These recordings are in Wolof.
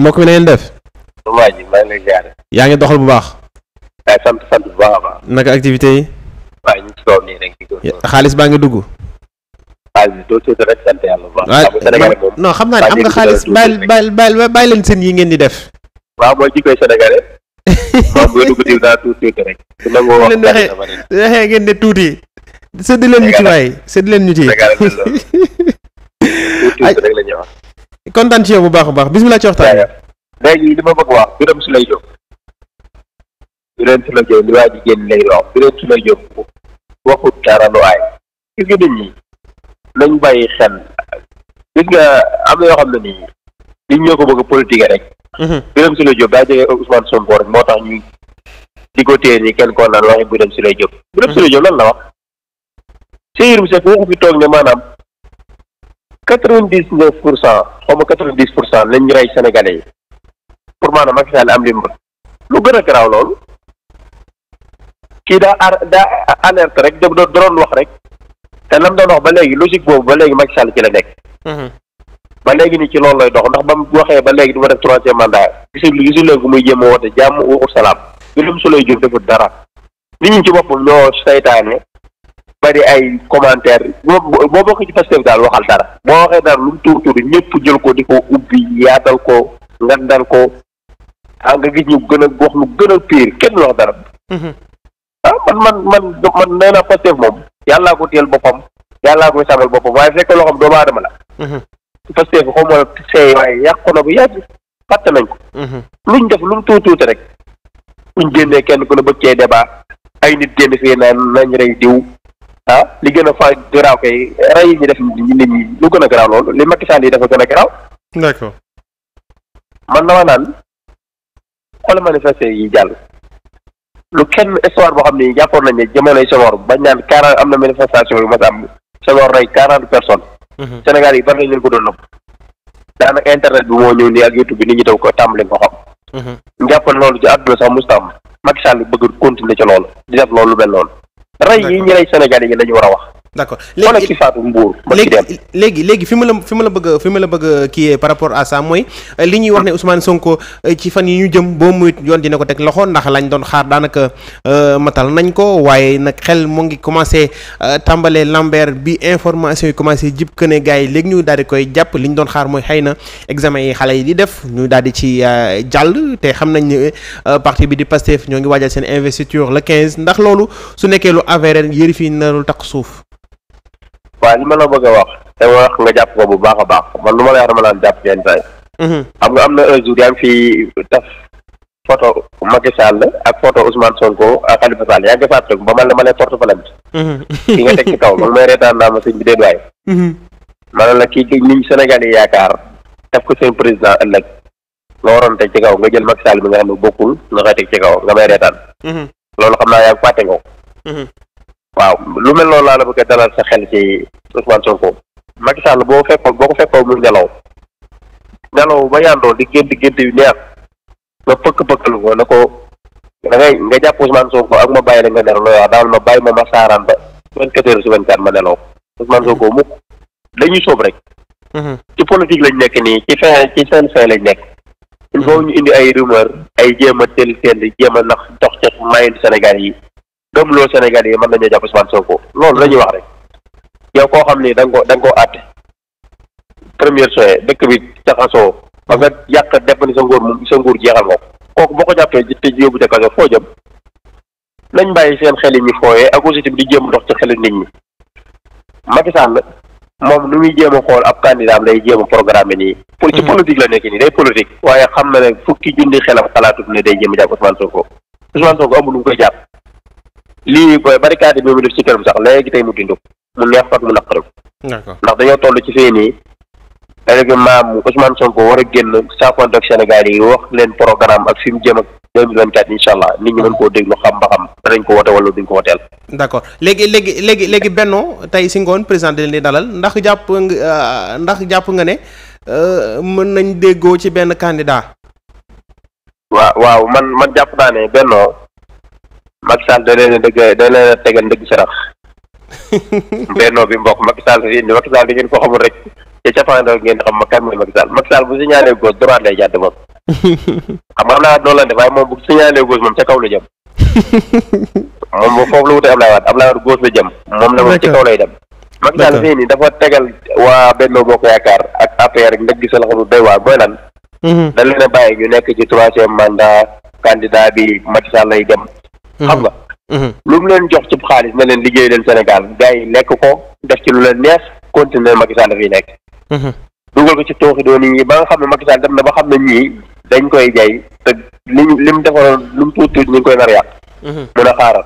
mbokk mi na ngeen def. waa ji maa ngi lay ziar. yaa ngi doxal bu baax. waaye sant sant bu baax a activité yi. waaye ñu ci nii rek. xaalis baa ngi dugg. xaalis doo seetlu sant yàlla bu baax. non xam naa ne am nga xaalis bàyyi bàyyi bàyyi bàyyi leen seen yi ngeen di def. waaw mooy jikkoy sénégalais. waaw bu tuuti tuuti rek. su nangoo wax ngeen ne tuuti. sédd leen ñu ci waay sédd leen ñu ci. tuuti la ñuy kontaan ci yow bu baax a baax bisimilah ci waxtaan bi. léegi li ma bëgg wax Birame Souleye Diop. Birame Souleye Diop li waa ji génn léegi wax Birame Souleye Diop waxut dara lu aay gis nga nit ñi nañ bàyyi xel gis nga am na yoo xam ne nii nit a politique rek. Mhm. Birame Souleye Diop jege Ousmane Sonko rek moo tax ñu di ko téye nii kenn koo naan waxi Birame Souleye Diop. Birame Souleye Diop lan la wax. Seydou Moussa waxu fi toog ne maanaam. quatre-vingt-dix-neuf pour cent xaw ma quatre-vingt-dix pour cent lañ ñu rey sénégalais yi pour maanaam Macky am li mu lu gën a garaaw loolu kii daa ar daa alerte rek da doon wax rek te lam doon wax ba léegi logique boobu ba léegi Macky Sall ci la nekk. Mm-hmm. ba léegi nii ci loolu lay dox ndax ba mu waxee ba léegi du ma def troisième mandat gisul gisul léegi muy jéem a woote jàmm u salaam. gëlëm su lay jur defut dara nit ñi ci boppam ñoo saytaane bari ay commentaire boo boo bokk ci Pastef daal waxal dara boo waxee daal lu mu tuur tuur ñëpp jël ko di ko ubbi yaatal ko ngandal ko ah nga gis ñu gën a wax lu gën a pire kenn wax dara mhm. ah man man man man nee naa Pastef moom yàllaa ko téyel boppam yàllaa koy sàmmal boppam waaye fekk loo doomu adama la mhm. Pastef xaw ma seey waaye yàqu na bu yàgg fàtte nañ ko mhm. luñ def lu mu tuur tuuti rek buñ génnee kenn ku ne bëgg cee débat ay nit génn fii naan nañ rey diw ah li gën a fa garaaw kay rey yi def nit ñi lu gën a garaaw loolu li Macky Sall yi dafa gën a garaaw. d'accord man dama naan xool manifesté yi jàll. lu kenn histoire boo xam ne jàppoon nañ ne jamonoy Senghor bañ naan quarante am na manifestation yu mas am Senghor rey quarante personnes. Mhm. Sénégal yi bari leen ko doon nëbb. daanaka internet bi moo ñëw nii ak YouTube nit ñi daw ko tàmbali ko xam. ñu mhm. loolu ci àdduna sax mustaam Macky Sall bëgg continuer ci loolu di def loolu lu mel noonu. rey yi ñu rey Sénégal yi la ñu war a wax d'accord léegi léegi léegi fi ma la fi ma la bëgg a fi ma la bëgg a par rapport à ça mooy euh, li ñuy wax ne Ousmane Sonko euh, ci fan yi ñu jëm boo muy yoon dina ko teg loxo ndax lañ doon xaar daanaka euh, matal nañ ko waaye nag xel mu ngi commencé tàmbalee Lambert bi information yi commencé jib que ne gars yi léegi ñu daal koy jàpp li ñu doon xaar mooy xëy na examen yi xale yi di def ñu daal di ci jàll te xam nañ ne parti bi di Pastef ñoo ngi waajal seen investiture la 15 ndax loolu su nekkee lu avéré yëri fii narul taq suuf waaye li ma la bëgg a wax te wax nga jàpp ko bu baax a baax man lu ma la wax dama naan jàpp yenn tay mhm. xam nga am na un jour yaa ngi fi taf photo Macky Sall ak photo Ousmane Sonko ak Khalifa Sall yaa ngi ko fàttaliku ba man mhm. ki nga teg ci kaw may reetaan mhm. ko seen président ëllëg nga waroon teg ci nga jël Macky Sall bi nga xam ne bokkul nga koy teg ci kaw nga may loolu xam naa yaa ngi fàtte nga waaw lu mel noonu laa la bëgg a dalal sa xel ci Ousmane Sonko Macky boo fekkoon boo ko fekkoon muy nelaw ngelaw ba yàndoo di gént gént yu neex nga pëkk pëkkal ko ne ko da ngay nga jàpp Ousmane Sonko ak ma bàyyi la nga nelaw waaw daal ma bàyyi ma ma saaraan ba vingt quatre heures sur vingt ma nelaw Ousmane Sonko mukk dañuy sóob rek. Mhm. ci politique lañ nekk nii ci fin ci seen fin lañ nekk. il faut ñu indi ay rumeur ay jéem a teel seen jéem a nax dox ca mayu Sénégal yi. gëmloo Sénégal yi mën nañoo jàpp Ousmane Sonko loolu la ñuy wax rek yow koo xam ni da ko da nga koo àtte première soye dëkk bi jaxasoo ba nga yàq def ni sa nguur moom sa nguur jeexal nga kooku boo ko jàppee te yóbbu ca kaso foo jëm nañ bàyyi seen xel yi ñu fooyee ak aussi tamit di jëm ndox ci xelu nit ñi Macky Sall moom nu muy jéem a xool ab candidat am day jéem a programme nii. pour ci mm-hmm. politique la nekk nii day politique. waaye xam na ne fukki junni xelam xalaatut ne day jéem a jàpp Ousmane Sonko Ousmane Sonko amul lu mu koy jàpp. lii barricade bi mu def ci këram sax léegi tey mu dindi mu neex ko ak mu naqari ko ndax dañoo toll ci fii nii léegi maam Ousmane ko war a génn saakoonte ak Sénégal yi wax leen programme ak fi mu jëm ak deux mille vingt quatre incha allah nit ñi mën koo déglu xam ba xam danañ ko wote wala duñ ko woteel d' accord léegi léegi léegi léegi Benno tey si ngoon président di dalal ndax jàpp nga euh, ndax jàpp nga ne euh, mën nañ déggoo ci benn candidat waaw waaw man man jàpp naa ne Benno Macky Sall da leen a dëgg a tegal ndëgg sarax bennoo bi mbokk mag Sall fi indi Macky Sall di ngeen ko xamul rek te cappaandaw ngeen xam ma kan mooy Macky Sall Macky Sall bu signalé gauche droite lay jàdd moom xam nga naa noonu la def waaye moom bu kaw la jëm moom moom foofu la wutee Ablaye Wade la jëm moom na moom ci kaw lay dem Macky Sall fii nii dafa tegal waa Benno Bokk Yaakaar ak APR rek ndëgg sarax lu doy waar mooy lan mm-hmm. da leen a bàyyi ñu nekk ci troisième mandat candidat bi Macky Sall lay dem xam nga. Mm-hmm. lu mu leen jox ci xaalis na leen liggéey leen Sénégal gars yi lekk ko def ci lu leen neex continuer Macky Sall dafay nekk. Mm-hmm. dugal ko ci tooxi doon yi ba nga xam ne Macky Sall dem na ba xam ne ñii dañ koy jay te li ñu li mu defaroon lu mu tuuti tuuti ñu ngi koy nar yàq. Mm-hmm. mën a xaaral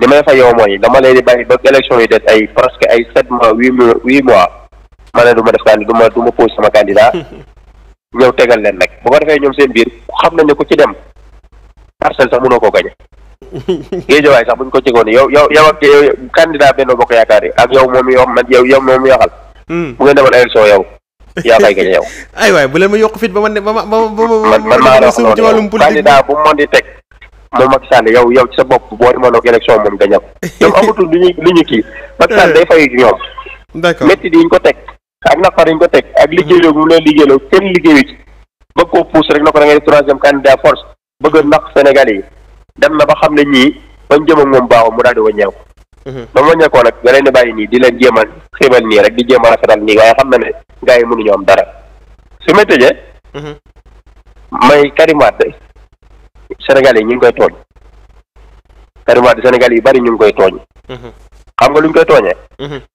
li may fa yow mooy dama leen di bàyyi ba élection yi des ay presque ay sept mois huit mois huit mois ma ne du ma def candidat du ma du ma pose sama candidat. ñëw tegal leen rek boo ko defee ñoom seen biir xam nañ ne ci dem parcelle sax mënoo koo gañe géejawaay sax buñ ko cegoon yow yow yow ak yow candidat Bokk Yaakaar yi ak yow moom yoo man yow yow moom yoo xal hmm. bu ngeen demoon élection yow yaa koy gañ yow ay waay bu leen ma yokk fit ba ma ma ma man maa la wax noonu candidat bu mën di teg yow yow ci sa bopp boo demoon ak élection moom gañam ñoom amatul lu ñu lu ñu kii Macky Sall day fayu ci ñoom d'accord métti yi ñu ko teg ak naqar yi ñu ko teg ak liggéeyloo mu leen liggéeyloo kenn liggéeyu ci bëgg koo pousse rek na ko da ngay def troisième candidat force bëgg naq Sénégal dem na ba xam ne ñii bañ jëm ak moom baaxul mu daal di wàññeeku. Mhm. ba mu wàññeekoo nag nga leen di bàyyi nii di leen jéem a nii rek di jéem a rafetal nii waaye xam na ne gars yi mënuñu am dara su ma tëjee. Mhm. may Karim Wade yi ñu ngi koy tooñ Karim Wade yi bari ñu ngi koy tooñ. Mhm. xam nga lu ñu koy tooñee.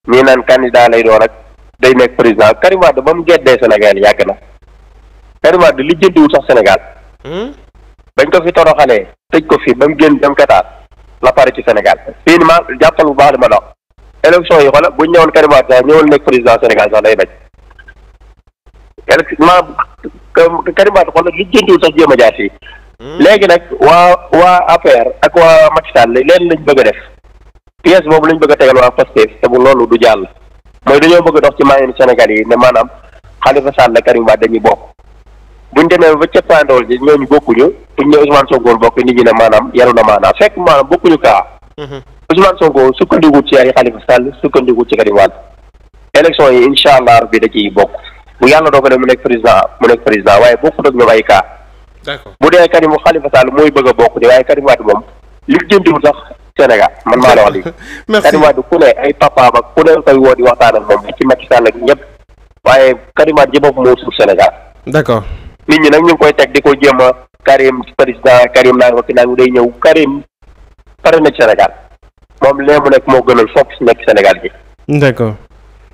ñii naan candidat lay doon ak day nekk président Karim ba mu geddee Sénégal yàgg na Karim li jëndiwul sax Sénégal. bañ ko fi toroxalee tëj ko fi ba génn dem Qatar la pare ci Sénégal fii maa ma jàppal bu baax li ma dox élection yi xoola bu ñëwoon Karim Wade sax ñëwal nekk président Sénégal sax day daj élection ma Karim Wade xoola li jëndiwul sax jéem a jaar fii hmm. léegi nag waa waa APR ak waa Macky Sall leen lañ bëgg def pièce boobu lañ bëgg a tegal waa Pastef te bu loolu du jàll mooy dañoo bëgg dox ci maayanu Sénégal yi ne maanaam Khalifa Sall Karim Wade dañuy bokk bu buñ demee ba cappaandool ji ñooñu bokkuñu buñ ne Ousmane Sonko bokk nit ñi ne maanaam yaru na maanaam fekk maanaam bokkuñu kaa mhm. Ousmane Sonko sukkandiwut ci ay Khalifa Sall sukkandiwut ci Karim Wade élection yi incha allah rabbi da ciy bokk bu yàlla doo ko dogalee mu nekk président mu nekk président waaye bokkut ak ñoom ay kaa bu dee Karim Khalifa Sall mooy bëgg a bokk di waaye Karim Wade moom li sax Sénégal man maa la wax lii Karim Wade ku ne ay papaam ak ku ne koy woo di waxtaan ak moom ci Macky Sall ak ñëpp waaye Karim Wade ji bopp moo Sénégal nit ñi nag ñu ngi koy teg di ko jéem a Karim président Karim naa nga ki day ñëw Karim pare na ci Sénégal moom lee mu nekk moo gënal foog nekk Sénégal bi d'accord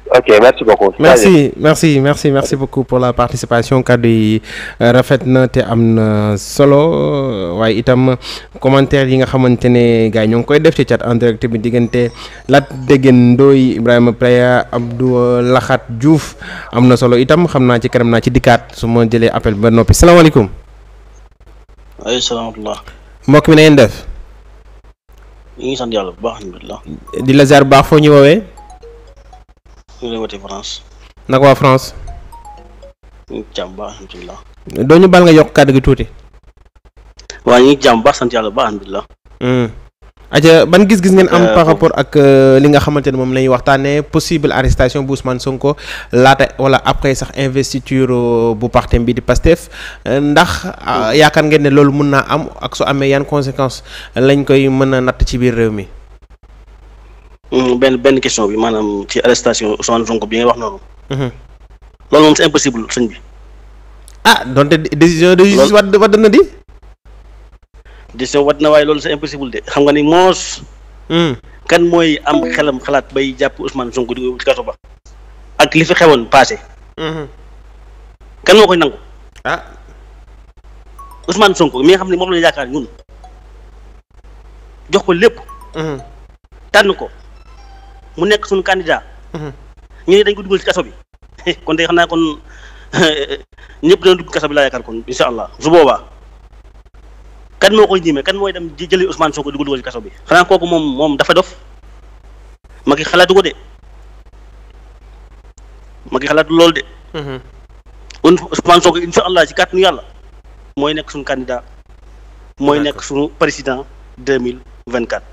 ok merci merci merci merci merci beaucoup pour la participation kàddu yi euh, rafet na te am na solo waaye itam commentaire yi nga xamante ne gars yi ñoo ngi koy def ci chat en direct bi diggante Lat Degen Ndoye Ibrahima Playa Abdou laxaat juuf am na solo itam xam naa ci kanam naa ci dikkaat su ma jëlee appel ba noppi salaamaaleykum. waaleykum salaam. mbokk mi na ngeen def. ñu ngi sant yàlla bu baax alhamdulilah. di la ziar bu baax foo ñu woowee. ñu rewati France. naka waa France. ñu ngi jàmm doo ñu baal nga yokk kàddu gi tuuti. waaw ñu ngi jàmm baax sant yàlla baax alhamdulilah. Hmm. aja ban gis-gis ngeen am euh, par rapport ak euh, li nga xamante ne moom la waxtaanee possible arrestation bu Ousmane ko laata wala après sax investiture euh, bu parti bi di Pastef ndax yaakaar ngeen ne loolu mën naa am ak su amee yan conséquence lañ koy mën a natt ci biir réew mi. Mm, benn benn question bi maanaam ci arrestation Ousmane Sonko bi nga wax noonu. Mhm. loolu moom c'est impossible sëñ bi. ah donte décision de justice wadd wadd na di. décision wadd na waaye loolu c'est impossible de xam nga ni moos. Mm. kan mooy am xelam xalaat bay jàpp Ousmane Sonko di ko ci kaso ba. ak li fi xewoon passé. Mhm. kan moo koy nangu. ah Ousmane Sonko mi nga xam ne moom la ñu yaakaar ñun jox ko lépp. Mhm. tànn ko. mu nekk suñu candidat. Mhm. ñu ne dañ ko dugal ci kaso bi kon day xam naa kon ñëpp dana dugg kaso bi laa yaakaar kon incha allah su boobaa kan moo koy ñime kan mooy dem jëli Ousmane Sonko di ko dugal ci kaso bi xanaa kooku moom moom dafa dof ma xalaatu ko de ma ngi xalaatu loolu de. Mhm. kon Ousmane Sonko incha allah ci kàttanu yàlla mooy nekk suñu candidat. mooy nekk suñu président deux mille vingt quatre.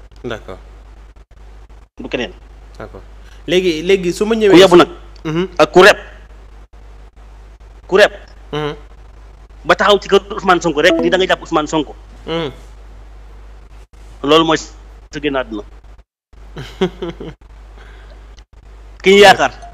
keneen. d'accord léegi léegi su ma ñëwee. ku yebu nag. Mhm. ak ku rep. ku rep. Mhm. ba taxaw ci kër Ousmane Sonko rek ni da nga jàpp Ousmane Sonko. Mhm. loolu mooy sa génn àdduna. ki yaakaar.